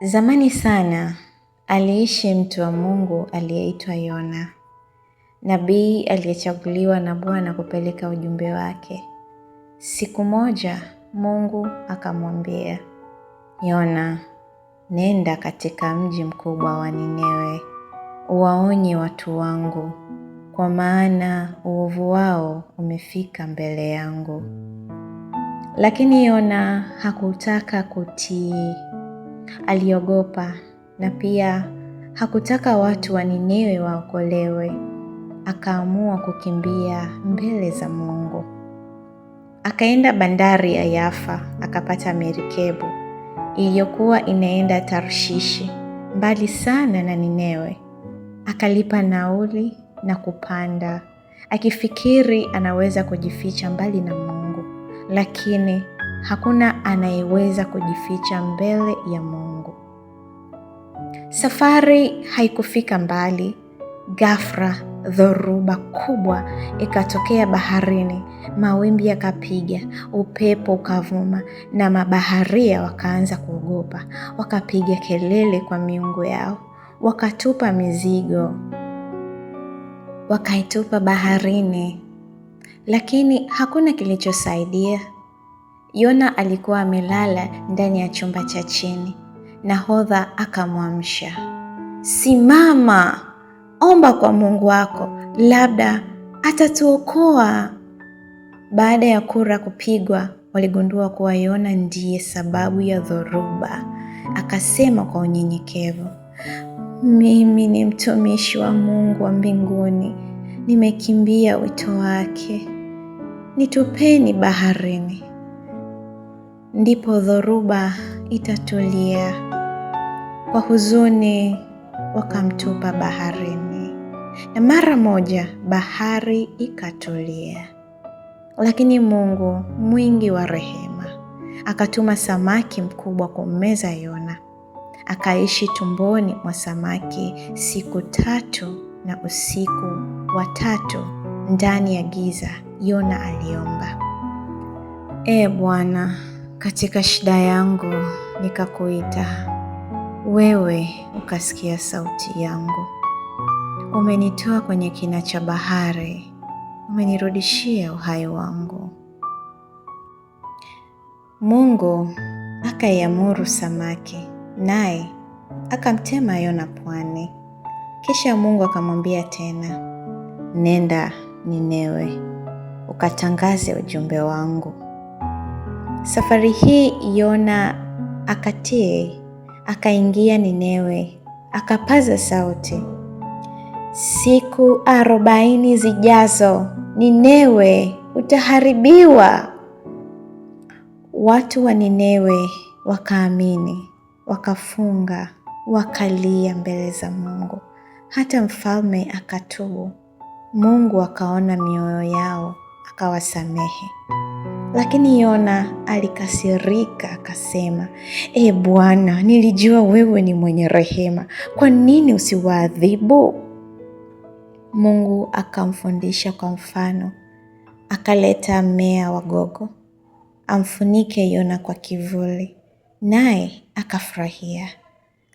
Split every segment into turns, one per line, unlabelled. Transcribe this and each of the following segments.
Zamani sana aliishi mtu wa Mungu aliyeitwa Yona, nabii aliyechaguliwa na Bwana kupeleka ujumbe wake. Siku moja Mungu akamwambia Yona, nenda katika mji mkubwa wa Ninewe uwaonye watu wangu, kwa maana uovu wao umefika mbele yangu. Lakini Yona hakutaka kutii aliogopa na pia hakutaka watu wa Ninewe waokolewe. Akaamua kukimbia mbele za Mungu. Akaenda bandari ya Yafa, akapata merikebu iliyokuwa inaenda Tarshishi, mbali sana na Ninewe. Akalipa nauli na kupanda, akifikiri anaweza kujificha mbali na Mungu, lakini Hakuna anayeweza kujificha mbele ya Mungu. Safari haikufika mbali, ghafla dhoruba kubwa ikatokea baharini, mawimbi yakapiga, upepo ukavuma, na mabaharia wakaanza kuogopa. Wakapiga kelele kwa miungu yao, wakatupa mizigo, wakaitupa baharini, lakini hakuna kilichosaidia. Yona alikuwa amelala ndani ya chumba cha chini. Nahodha akamwamsha. Simama, omba kwa Mungu wako, labda atatuokoa. Baada ya kura kupigwa, waligundua kuwa Yona ndiye sababu ya dhoruba. Akasema kwa unyenyekevu, mimi ni mtumishi wa Mungu wa mbinguni, nimekimbia wito wake, nitupeni baharini ndipo dhoruba itatulia. Kwa huzuni wakamtupa baharini, na mara moja bahari ikatulia. Lakini Mungu mwingi wa rehema akatuma samaki mkubwa kummeza Yona. Akaishi tumboni mwa samaki siku tatu na usiku wa tatu ndani ya giza. Yona aliomba, Ee Bwana, katika shida yangu nikakuita, wewe ukasikia sauti yangu. Umenitoa kwenye kina cha bahari, umenirudishia uhai wangu. Mungu akaiamuru samaki, naye akamtema Yona pwani. Kisha Mungu akamwambia tena, nenda Ninewe ukatangaze ujumbe wangu. Safari hii Yona akatii, akaingia Ninewe, akapaza sauti, siku arobaini zijazo Ninewe utaharibiwa. Watu wa Ninewe wakaamini, wakafunga, wakalia mbele za Mungu. Hata mfalme akatubu. Mungu akaona mioyo yao akawasamehe. Lakini Yona alikasirika akasema, E Bwana, nilijua wewe ni mwenye rehema, kwa nini usiwaadhibu? Mungu akamfundisha kwa mfano, akaleta mmea wa gogo amfunike Yona kwa kivuli, naye akafurahia.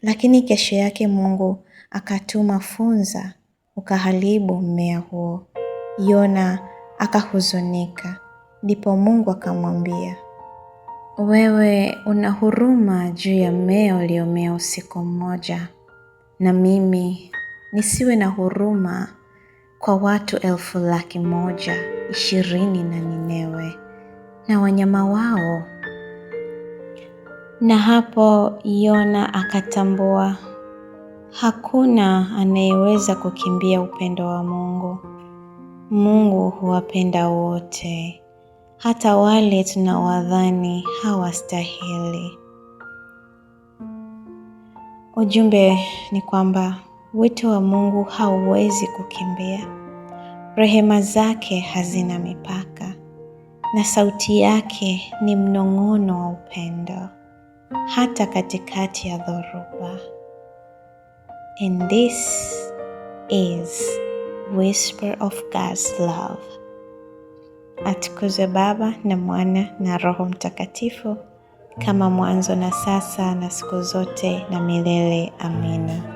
Lakini kesho yake Mungu akatuma funza ukaharibu mmea huo. Yona akahuzunika. Ndipo Mungu akamwambia, wewe una huruma juu ya mmea uliomea usiku mmoja, na mimi nisiwe na huruma kwa watu elfu laki moja ishirini na Ninewe na wanyama wao? Na hapo Yona akatambua hakuna anayeweza kukimbia upendo wa Mungu. Mungu huwapenda wote, hata wale tunawadhani hawastahili. Ujumbe ni kwamba wito wa Mungu hauwezi kukimbia. Rehema zake hazina mipaka, na sauti yake ni mnong'ono wa upendo, hata katikati ya dhoruba. And this is whisper of God's love. Atukuzwe Baba na Mwana na Roho Mtakatifu, kama mwanzo na sasa na siku zote na milele. Amina.